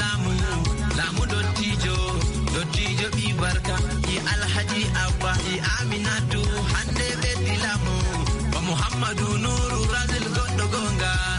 lamu lamu dottijo dottijo ɓi barka i alhaji abba i aminatu hande ɓeddi lamu ba muhammadu nuru razil goɗɗo gonga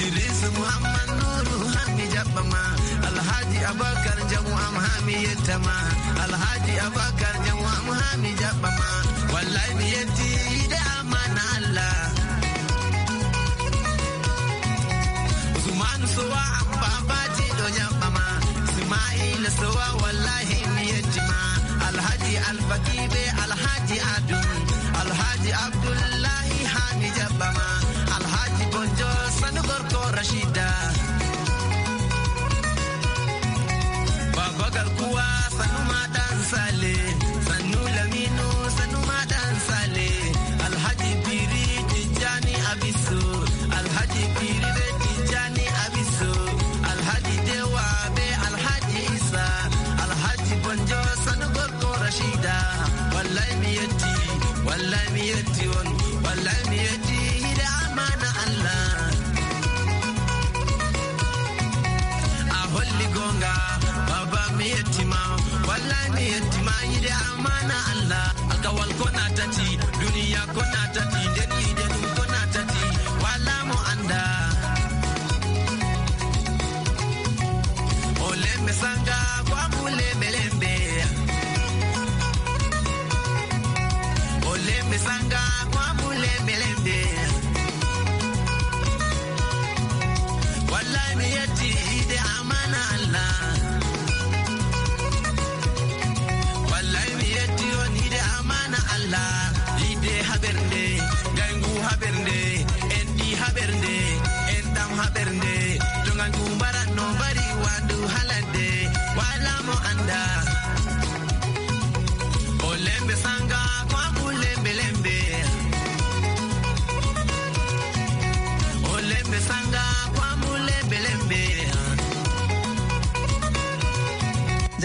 Idris Muhammad Nuru Hami Jabama Alhaji Abakar Jamu Hami Yatama Alhaji Abakar Jamu Hami Jabama wallahi mi yetti sanu madan sale sannu lamino sanu madan sale alhaji biri tijani abiso alhaji biri be tijani abiso alhaji dewa be alhaji isa alhaji bonjo sanu gorko rashida wallahi miyatti wallahi miyatti on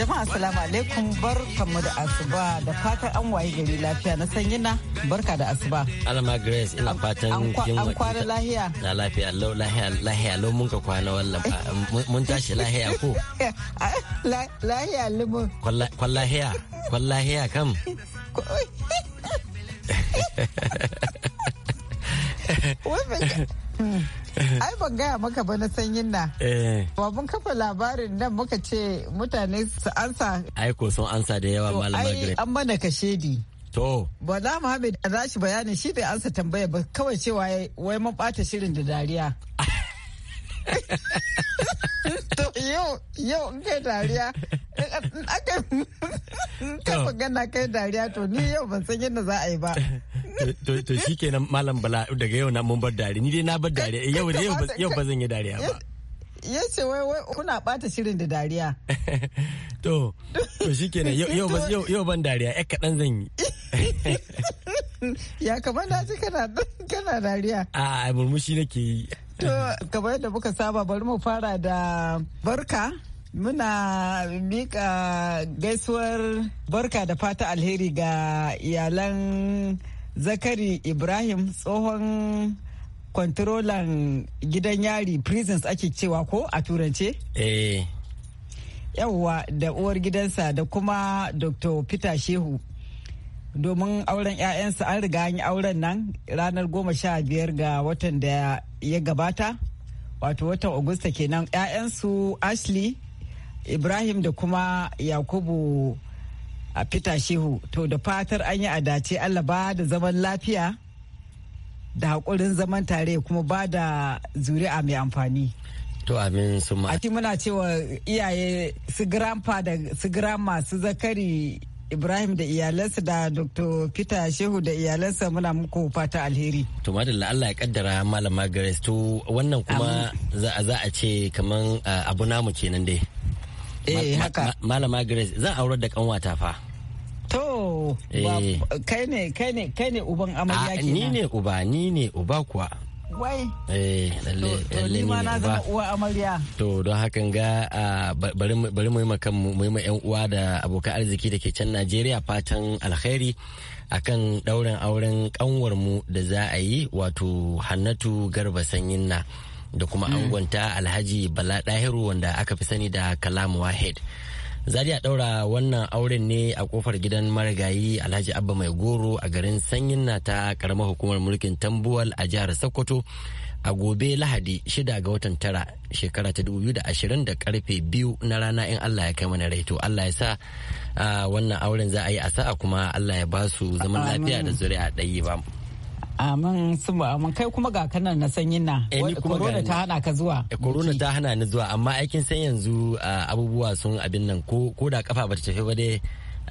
Jama'a salamu alaikum barkamu da asuba da fatan an waye gari lafiya na sanyi na barka da asuba. Alama Grace ina fatan kin an kwana lahiya. Na lafiya lahiya lahiya lo mun ka kwana wallan mun tashi lahiya ko. Lahiya lumu. Kwan lahiya kwan lahiya kam. Wai Ai ban gaya maka ba na sanyin na. Eh. mun kafa labarin nan muka ce mutane su ansa. Ai ko sun ansa da yawa malam Margaret. Ai an mana kashedi. To. Bala Muhammad Rashi bayanin shi bai ansa tambaya ba kawai cewa wai mun bata shirin da dariya. to yau yau kai dariya aka ta magana kai dariya to ni yau ban san yadda za a yi ba to shi kenan malam bala daga yau na mun bar dariya ni dai na bar dariya yau yau ba zan yi dariya ba ya ce wai wai kuna bata shirin da dariya to to shikenan yau yau yau ban dariya ya kaɗan zan yi ya kamar na ji kana kana dariya a murmushi nake yi To, kamar yadda muka saba bari mu fara da barka. Muna mika gaisuwar barka da fata alheri ga iyalan Zakari Ibrahim tsohon kwantirolan gidan yari prisons ake cewa ko a turance? Eh. yawa Yawwa da uwar gidansa da kuma Dr. Peter Shehu. domin auren 'ya'yansa an riga an yi auren nan ranar goma sha biyar ga watan da ya gabata wato watan augusta kenan 'ya'yansu ashley ibrahim da kuma yakubu a fita shehu to da fatar an yi adace allah ba da zaman lafiya da haƙurin zaman tare kuma ba da zuri'a mai amfani to amin su ma muna cewa iyaye su grandpa da su grandma su zakari Ibrahim da iyalansa da Dr. Peter Shehu da iyalansa muna muku fata alheri. To madalla Allah ya kaddara malama Grace to wannan kuma za a ce kaman ah, abu namu kenan dai. Eh haka. Malama Grace zan aurar da kanwata fa. To eh. kai ne kai ne kai ne uban amarya ah, kenan. Ni ne uba ni ne uba kuwa. wai eh, lalle ni ma na uwa amarya to don hakan ga bari mu yi makan mu yi ma yan uwa da abokan arziki da ke can Najeriya fatan alkhairi akan ɗaurin auren kanwar mu da za a yi wato Hannatu Garba Sanyin na da kuma mm. angonta Alhaji Bala Dahiru wanda aka fi sani da Kalam Wahid. zariya daura wannan auren ne a kofar gidan marigayi Alhaji Abba Mai Goro a garin Sanyin na ta karamar hukumar mulkin Tambuwal a jihar Sokoto a gobe Lahadi 6 ga watan tara shekara ta 2020 da karfe biyu na rana in Allah ya kai mana raito Allah ya sa ah, wannan auren za a yi a sa'a kuma Allah ya ba su zaman lafiya da zuri'a ɗayi ba. Amin suma amin kai kuma ga kanan na sanyin na. Eh, corona ta hana ka zuwa. Eh, corona ta hana ni zuwa amma aikin san yanzu abubuwa sun abin nan ko da kafa bata tafi ba dai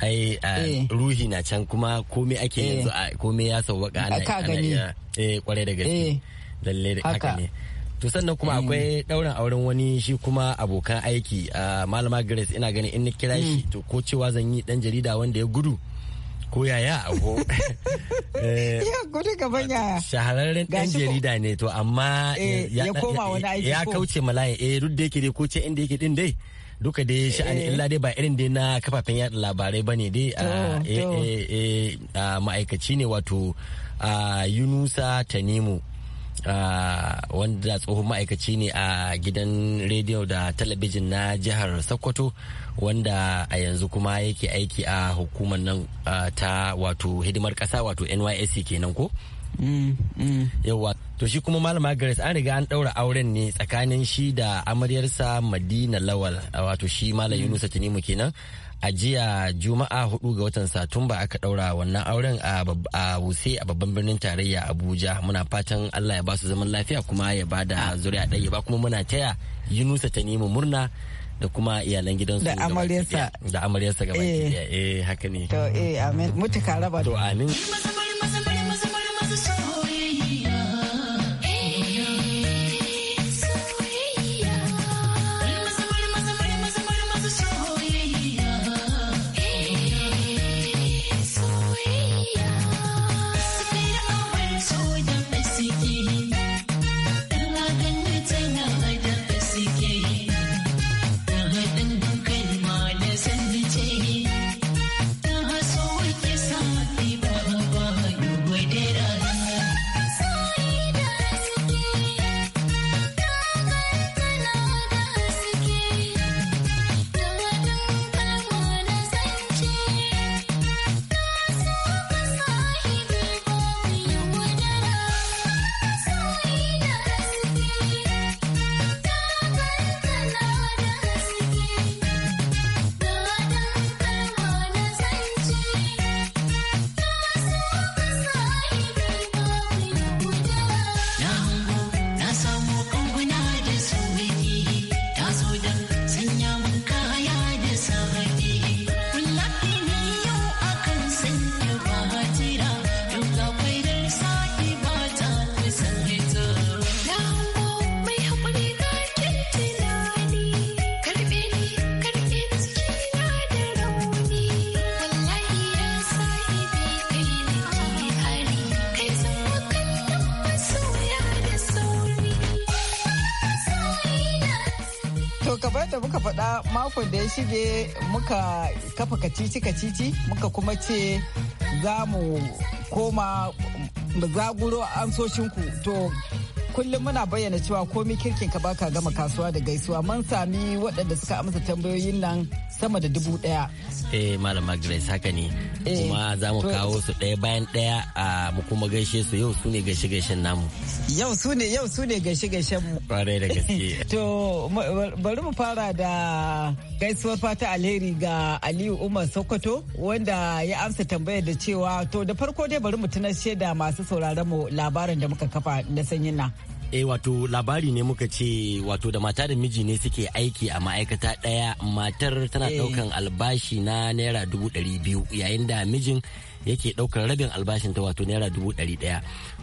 ai eh. ruhi na can kuma komai ake yanzu komai ya sauwaka ana ka gani eh kwarai da gaske lalle haka ne to sannan kuma akwai daurin auren wani shi kuma abokan aiki malama grace ina ganin in ni kira shi mm. to ko cewa zan yi dan jarida wanda ya gudu Eh, ko yaya Ko yaya shahararren dan jarida ne to amma eh, eh, ya kauce malayin eh duk da yake dai ko ce inda yake din dai duka dai sha'ani illa dai ba irin dai na kafafen yada labarai bane dai a ah, ah, ma'aikaci ne wato ah, yunusa tanimu wanda tsohon ma'aikaci ne a gidan rediyo da talabijin na jihar sokoto wanda a yanzu kuma yake aiki a hukumar nan ta wato hidimar kasa wato nysc kenan ko mm, mm. yawa to shi kuma malama grace an riga an daura auren ne tsakanin shi da amaryarsa madina lawal wato shi malam mm. yunusa tunimu kenan a jiya juma'a hudu ga watan satumba aka daura wannan auren a wuse a babban birnin tarayya abuja muna fatan allah ya ba su zaman lafiya kuma ya ba da zuriya ɗaya ba kuma muna taya yunusa tunimu murna da kuma iyalan gidansu da amaryarsa da amaryarsa gaba ɗaya eh. eh haka ne to eh amin mutuka raba to amin makon da ya shige muka kafa kacici kacici muka kuma ce za mu koma zaguro ansoshinku to kullum muna bayyana cewa komi kirkin ka baka gama kasuwa da gaisuwa man sami waɗanda suka amsa tambayoyin nan sama da dubu ɗaya. Eh Malam Grace haka ne. Eh, kuma za mu kawo su ɗaya bayan ɗaya a mu kuma gaishe su yau su ne gaishe gaishen namu. Yau su ne yau su ne gaishe gaishen mu. Kwarai da gaske. To bari mu fara da gaisuwar fata alheri ga Aliyu Umar Sokoto wanda ya amsa tambayar da cewa to da farko dai bari mu tunashe da masu sauraron mu labarin da muka kafa na sanyin nan. E wato labari ne muka ce wato da mata da miji ne suke aiki a ma'aikata ɗaya matar tana eh. ɗaukan albashi na naira dubu ɗari biyu yayin da mijin yake ɗaukar rabin albashin ta wato naira dubu ɗari ɗaya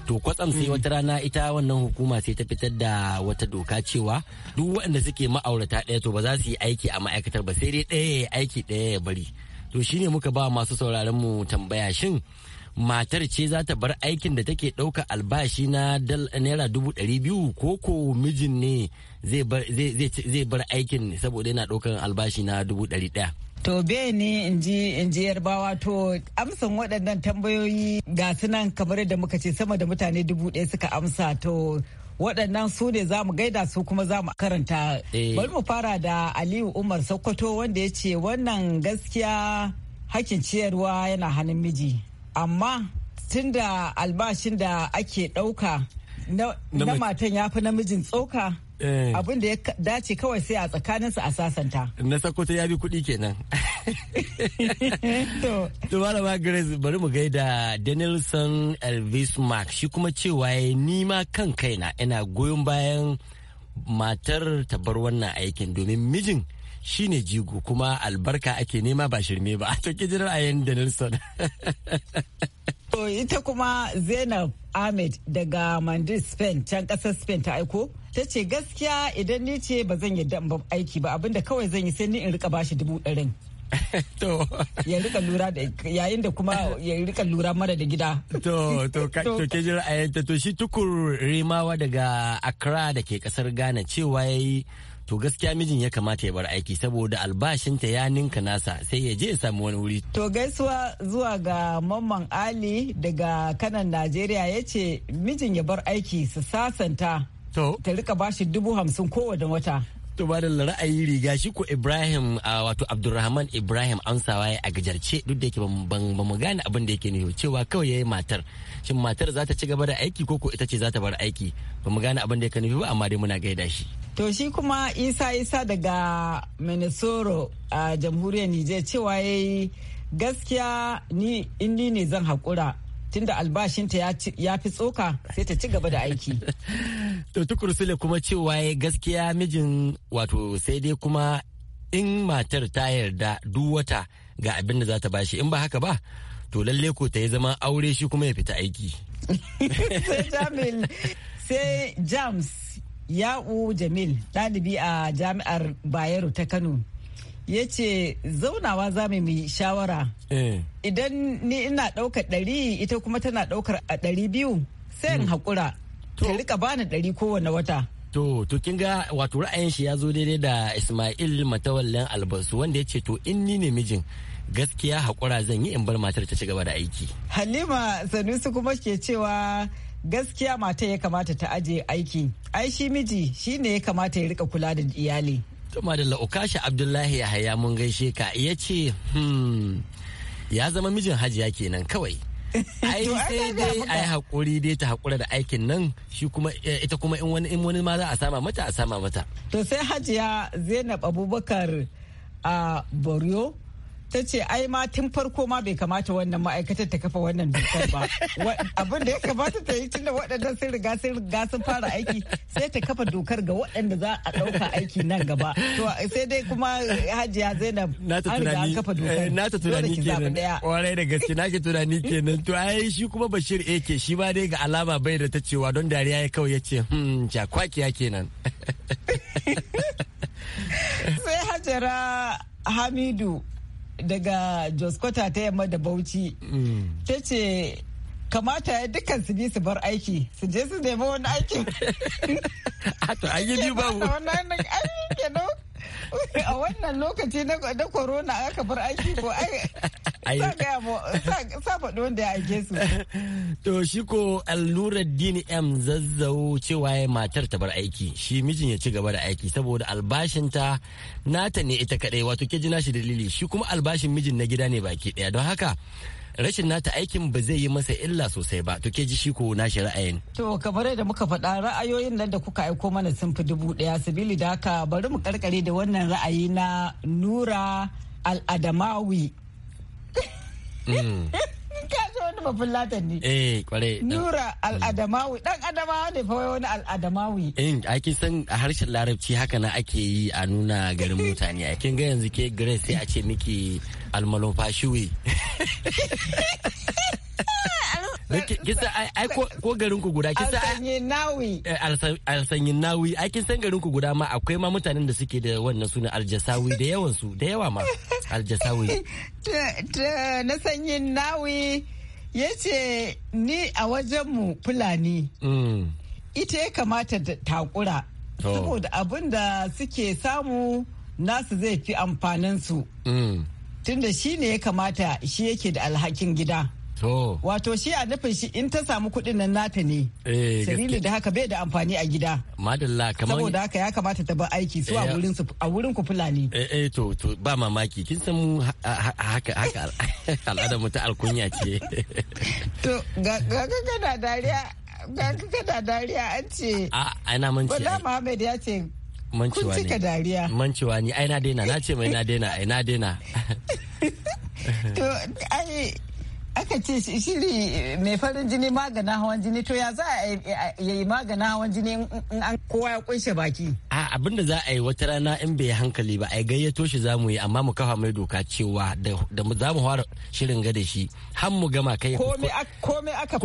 to kwatsam sai mm. wata rana ita wannan hukuma sai ta fitar da wata doka cewa duk waɗanda suke ma'aurata ɗaya to ba za su yi aiki a ma'aikatar ba sai dai ɗaya ya yi aiki ɗaya ya bari to shine muka ba masu sauraron mu tambaya shin matar ce za ta bar aikin da take ɗauka albashi na naira dubu ɗari biyu ko ko mijin ne zai bar aikin saboda yana ɗaukan albashi na dubu ɗari ɗaya. To be ne in ji in ji yarbawa to amsan waɗannan tambayoyi ga sunan kamar da muka ce sama da mutane dubu ɗaya suka amsa to waɗannan su ne za mu gaida su kuma za mu karanta eh. bari mu fara da aliyu umar sokoto wanda ya ce wannan gaskiya hakin ciyarwa yana hannun miji amma tun da albashin da ake ɗauka na matan ya fi namijin tsoka Eh. abin da ya dace kawai sai a su a sasanta na sako ta yabi kuɗi kenan to malama grace bari mu gaida danielson elvis mark shi kuma cewa ya ma kan kaina ina goyon bayan matar ta bar wannan aikin domin mijin shine jigo kuma albarka ake nema ba shirme ba to ki jira da Nelson to ita kuma Zainab Ahmed daga mandi Spain can kasar Spain ta aiko ta ce gaskiya idan ni ce ba zan yadda ba aiki ba abinda kawai zan yi sai ni in rika bashi dubu ɗarin to ya rika lura da yayin da kuma ya rika lura mara da gida to to to ke jira ayyanta to shi tukur rimawa daga Accra da ke kasar Ghana cewa yayi to gaskiya mijin ya kamata ya bar aiki saboda albashinta ya ninka nasa sai ya je ya samu wani wuri. To gaisuwa zuwa ga Mamman Ali daga kanan Najeriya ya ce mijin ya bar aiki su sasanta. To. Ta rika bashi dubu hamsin kowane wata. To ba da ra'ayi riga shi ko Ibrahim wato Abdulrahman Ibrahim amsawa ya a gajarce duk da yake ban mu gane abin da yake nufi cewa kawai yayi matar. Shin matar za ta ci gaba da aiki ko ko ita ce za ta bar aiki? Ba mu gane abin da yake nufi ba amma dai muna gaida shi. To shi kuma Isa Isa daga Minnesota a jamhuriyar Nijar cewa ya yi gaskiya ni inni ne zan haƙura tunda albashinta ya fi tsoka sai ta ci gaba da aiki. to tukur kuma cewa ya gaskiya mijin wato sai dai kuma in matar ta yarda duk wata ga abin da za ta bashi in ba haka ba to lalle ko ta yi zama aure shi kuma ya fita aiki. sai James Ya'u Jamil ɗalibi a jami'ar Bayero ta Kano ya ce zaunawa za mu yi shawara. Eh. Idan ni ina ɗaukar ɗari ita kuma tana ɗaukar a ɗari biyu sai in hmm. haƙura. Ta rika bani ɗari kowane wata. To, to kin ga wato ra'ayin shi ya zo daidai da Ismail Matawallan Albasu wanda ya ce to in ni ne mijin gaskiya haƙura zan yi in bar matar ta ci gaba da aiki. Halima Sanusi kuma ke cewa gaskiya mata ya kamata ta aje aiki ai shi miji shi ne ya kamata ya rika kula da iyali to da ukasha abdullahi haya mun gaishe ka ya ce hmm, ya zama mijin hajiya kenan kawai ai sai dai ai hakuri dai ta hakura da aikin nan shi kuma eh, ita kuma in wani in wani ma za a sama mata a sama mata to sai hajiya zainab abubakar a Borio. ta ce ai ma tun farko ma bai kamata wannan ma'aikatar ta kafa wannan dokar ba abin da ya kamata ta yi tun da waɗannan sun riga sun riga sun fara aiki sai ta kafa dokar ga waɗanda za a ɗauka aiki nan gaba to sai dai kuma hajiya zainab an riga an kafa dokar eh, na ta tunani kenan kwarai da gaske na ke tunani kenan to ai shi kuma bashir ake shi ba dai ga alama bai da ta cewa don dariya ya kawai ya ce hmm jakwakiya kenan sai hajara hamidu daga joskota ta yamma da bauchi mm. ta ce kamata ya dukkan su bi su bar aiki su je su nemi wani aiki a to an yi biyu babu a wannan lokaci na corona aka bar aiki ko faɗi wanda ya aike su. To shi ko allurar dini M zazzau cewa ya matar ta bar aiki shi mijin ya ci gaba da aiki saboda albashin ta nata ne ita kaɗai wato ke jina shi dalili shi kuma albashin mijin na gida ne baki daya don haka rashin nata aikin ba zai yi masa illa sosai ba to ke ji shi ko nashi ra'ayin. To kamar da muka faɗa ra'ayoyin nan da kuka aiko mana sun fi dubu ɗaya sabili da haka bari mu karkare da wannan ra'ayi na Nura Al-Adamawi Mm. ka so wani ne eh kware nura al'adamawi dan adamawa ne fa wani al'adamawi eh, in ake san a harshen larabci haka na ake yi a nuna garin mutane a kin ga yanzu ke grace sai a ce miki almalofashiwe. kisa ai ko garin ku guda kisa eh, alsanyin nawi ai kin san garin ku guda ma akwai ma mutanen da suke da wannan sunan aljasawi da yawan su da yawa ma aljasawi na sanyin nawi yace ni a wajen mu fulani mm. ita ya kamata ta takura saboda abin da suke samu nasu zai fi amfaninsu mm. tunda shi ne ya kamata shi yake da alhakin gida Wato shi a nufin shi in ta samu kuɗin nan nata ne. Eh, Sirili da haka bai da amfani a gida. Madalla kamar. Saboda haka ya kamata ta bar aiki su a eh, wurin su a wurin ku Fulani. Eh eh to to ba mamaki kin san mu haka haka al'adar mu ta alkunya ce. To ga ga ga dariya ga ga da dariya an ce. A ana mun ce. Wala Muhammad ya ce mancewa ne. Kun cika dariya. Mancewa ne ai na daina na ce mai na daina ai na daina. To ai aka ce shiri mai farin jini maganin hawan jini to ya za a yi maganin hawan jini in an kowa ya kunshe baki a abin da za a yi wata rana in bai hankali ba a gayyato shi za mu yi amma mu kafa mai doka cewa da za mu fara shirin ga da shi har mu gama kai komai aka komai aka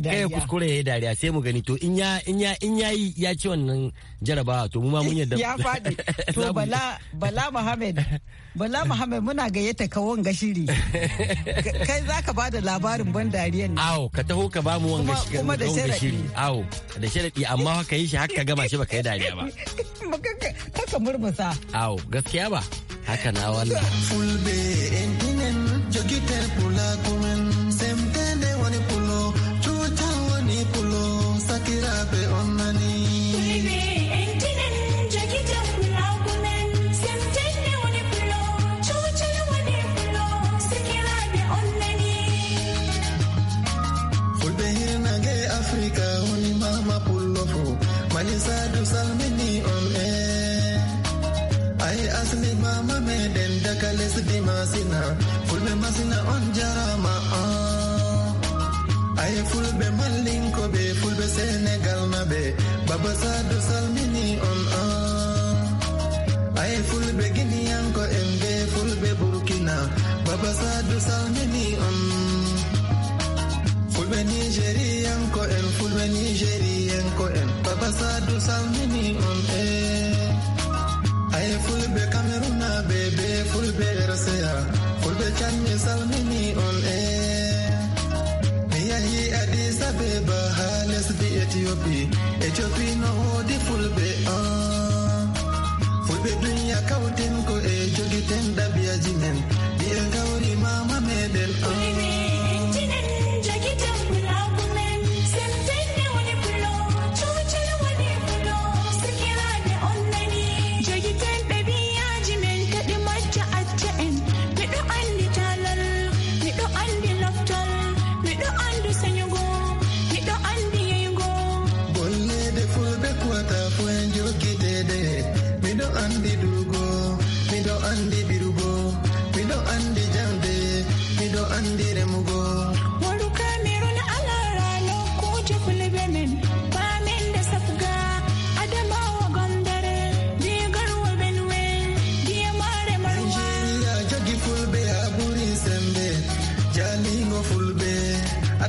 kai kuskure ya dariya sai mu gani to in ya in ya in yi ya ci wannan jarabawa to mu ma mun yadda ya faɗi to bala bala muhammad Bala Muhammad muna gayyata ka wanga shiri. Kai za ka ba da labarin ban dariyan ne. Awo, ka taho ka ba mu wanga shiri. Kuma da sharaɗi. Awo, da sharaɗi amma haka yi shi haka gama shi baka yi dariya ba. Kaka murmusa. Awo, gaskiya ba. Haka na wannan. Fulbe, jogitar kula kuma ba ha let's be Ethiopia Ethiopia no hodi fulbe ah fulbe dunya kautin ko e jogi ten biya jinen biya e gauri mama medel ah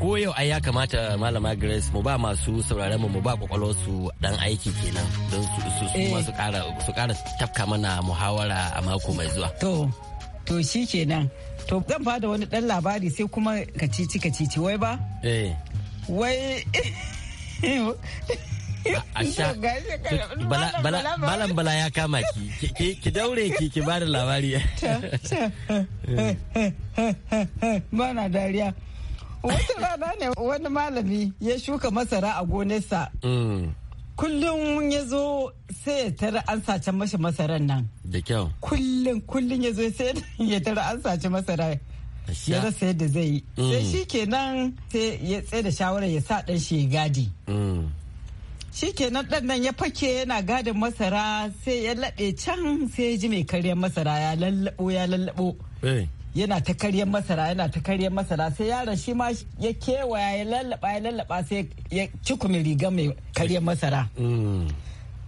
ko yau ai ya kamata malama grace mu ba masu sauraron mu ba ba su dan aiki kenan don su eh. su kara su kara tafka mana muhawara a mako mai zuwa to to shi kenan to zan fada wani dan labari sai kuma kacici kacici wai ba eh wai balan bala ya kama ki, ki daure ki ki ba da labari. Eh. Bana dariya. Wata rana ne wani malami ya shuka masara a gonarsa. Mm. Kullum ya zo sai ya tara an sace mashi masaran nan. Da kyau. Kullum kullum ya zo sai ya tara an sace masara. ya rasa yadda zai yi sai mm. shi kenan sai ya tsaye da shawarar ya sa dan shi gadi mm. shi kenan dan nan ya fake yana gadin masara sai ya laɓe can sai ya ji mai karyar masara ya lallabo ya lallabo eh. yana ta karyar masara yana ta karyar masara sai yaron shi ma ya kewaya ya lallaba ya lallaba sai ya cikumi riga mai karyar masara mm.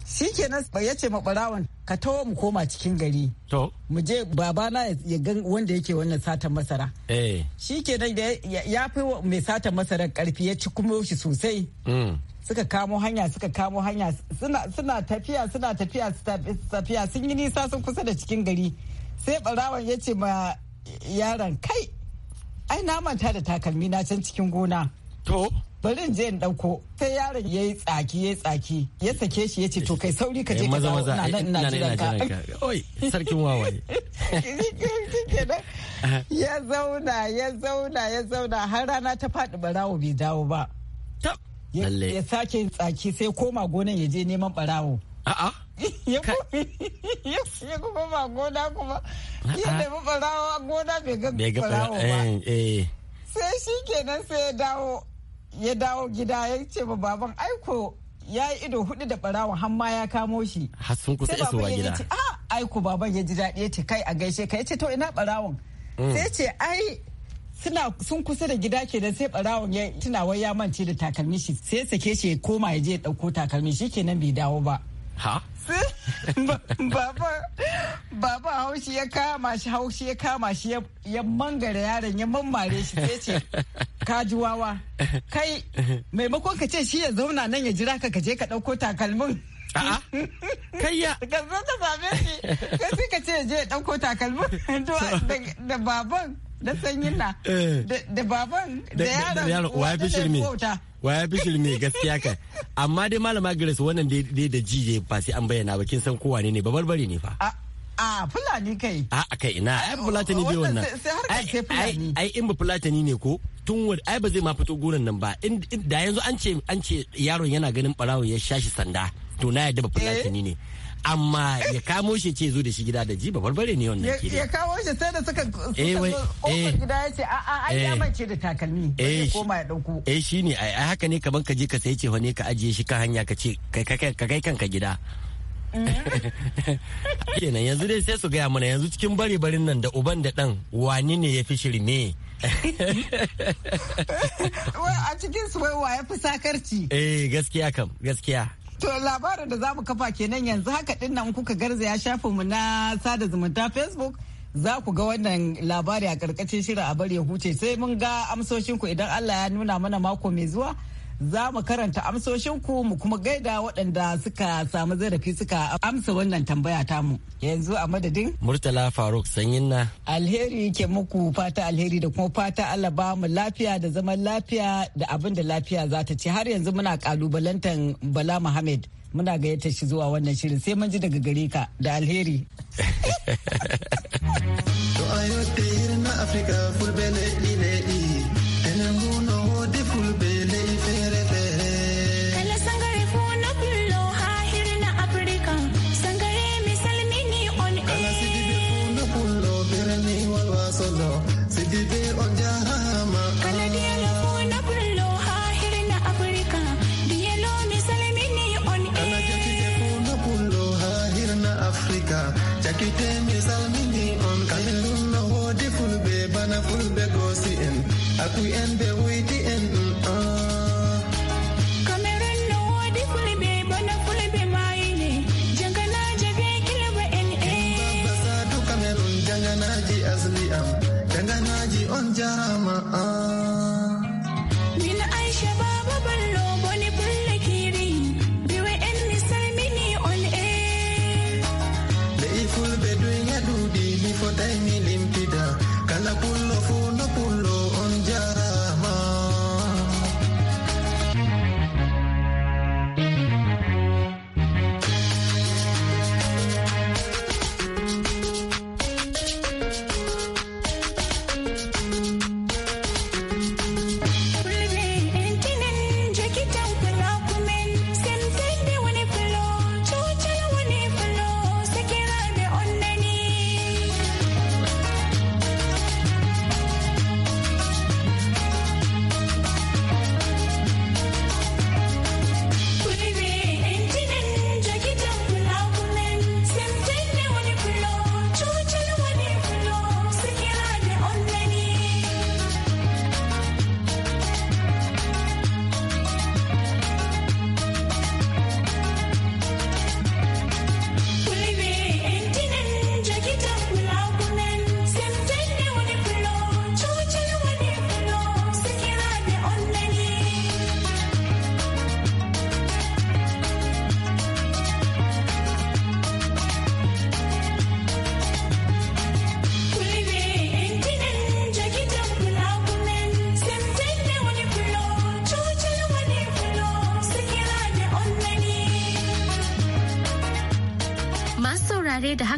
shi kenan ya ce maɓarawan ka tawo mu koma cikin gari To mu je babana ya gan wanda yake wannan satan masara eh. shi kenan da ya fi mai satan masara karfi ya cikumo shi sosai mm. suka kamo hanya suka kamo hanya suna tafiya suna tafiya sun yi nisa sun kusa da cikin gari sai ɓarawan ya ce ma yaron kai ai na manta da takalmi na can cikin gona to bari je in dauko sai yaron yayi tsaki yayi tsaki ya sake shi yace to kai sauri ka je eh, ka dawo ina nan ina jiran ka oi sarkin wawaye ya zauna ya zauna ya zauna har rana ta faɗi barawo bai dawo ba ya sake tsaki sai koma gonan ya je neman barawo a'a ya kuma ba gona kuma ya nemi barawa gona bai ga barawa ba eh, eh. sai shi kenan sai ya dawo ya dawo gida ya ce ba baban aiko ya yi ido hudu da barawa har ma ya kamo shi har sun kusa isowa gida ah, aiko baban ya ji daɗi ya ce kai a gaishe ka ya ce to ina barawon mm. sai ce ai suna sun kusa da gida kenan sai barawon ya tunawa ya mance da takalmi shi sai sake shi ya koma ya je ya dauko takalmi shi kenan bai dawo ba ha baba baba haushi ya kama shi haushi ya kama shi ya mangare yaron ya mammare shi sai ce ka ji wawa kai maimakon ka ce shi ya zauna nan ya jira ka ka je ka ɗauko takalmin A'a. ya Ka zo ta same shi. Ka sai ka ce je ɗauko takalmin da baban da sanyin na. Eh. Da baban da yaron. Da yaron. Wa waya fi ne gaskiya kai amma dai malama grace wannan dai da ji ba sai an bayyana ba kin san kowa ne ne ba barbare ne fa a fulani kai a kai ina ai fulatani bai wannan ai in ba fulatani ne ko tun wani ai ba zai ma fito gonan nan ba da yanzu an ce an ce yaron yana ganin barawo ya shashi sanda to na yadda ba fulatani eh? ne amma ya kamo shi ce zo da shi gida da ji ba bare ne wannan ke ya kamo shi sai da suka suka eh, eh. gida ya ce a'a ai ya eh. mance da takalmi ya koma ya dauko eh shine ai haka ne kaman ka je ka sai ce ne ka ajiye shi kan hanya ka ce ka kai kanka gida mm-hmm. kenan yanzu dai sai su gaya mana yanzu cikin bare barin nan da uban da dan wani ne ya fi shirme a cikin su wai ya fi sakarci eh gaskiya kam gaskiya To labarin da za mu kafa kenan yanzu haka din nan kuka garzaya shafinmu na sada zumunta Facebook za ku ga wannan labari a karkashin shirin a bari ya huce sai mun ga amsoshinku idan Allah ya nuna mana mako mai zuwa. za mu karanta amsoshinku mu kuma gaida waɗanda suka samu zarafi suka amsa wannan tambaya mu. yanzu a madadin murtala faruk sanyin na alheri ke muku fata alheri da kuma fata allah ba mu lafiya da zaman lafiya da abin da lafiya za ta ci har yanzu muna kalubalantan bala muhammad muna gayyata shi zuwa wannan shirin sai mun ji daga gare ka da alheri na Aku and be waiting.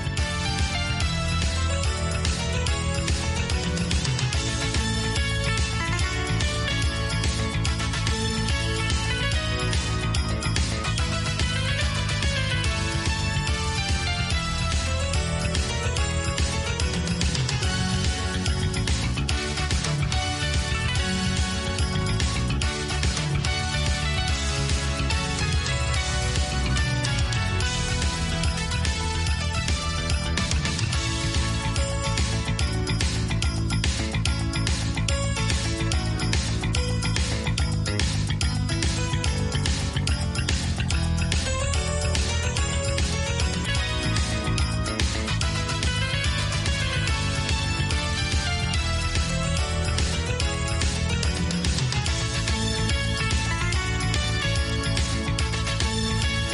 ku.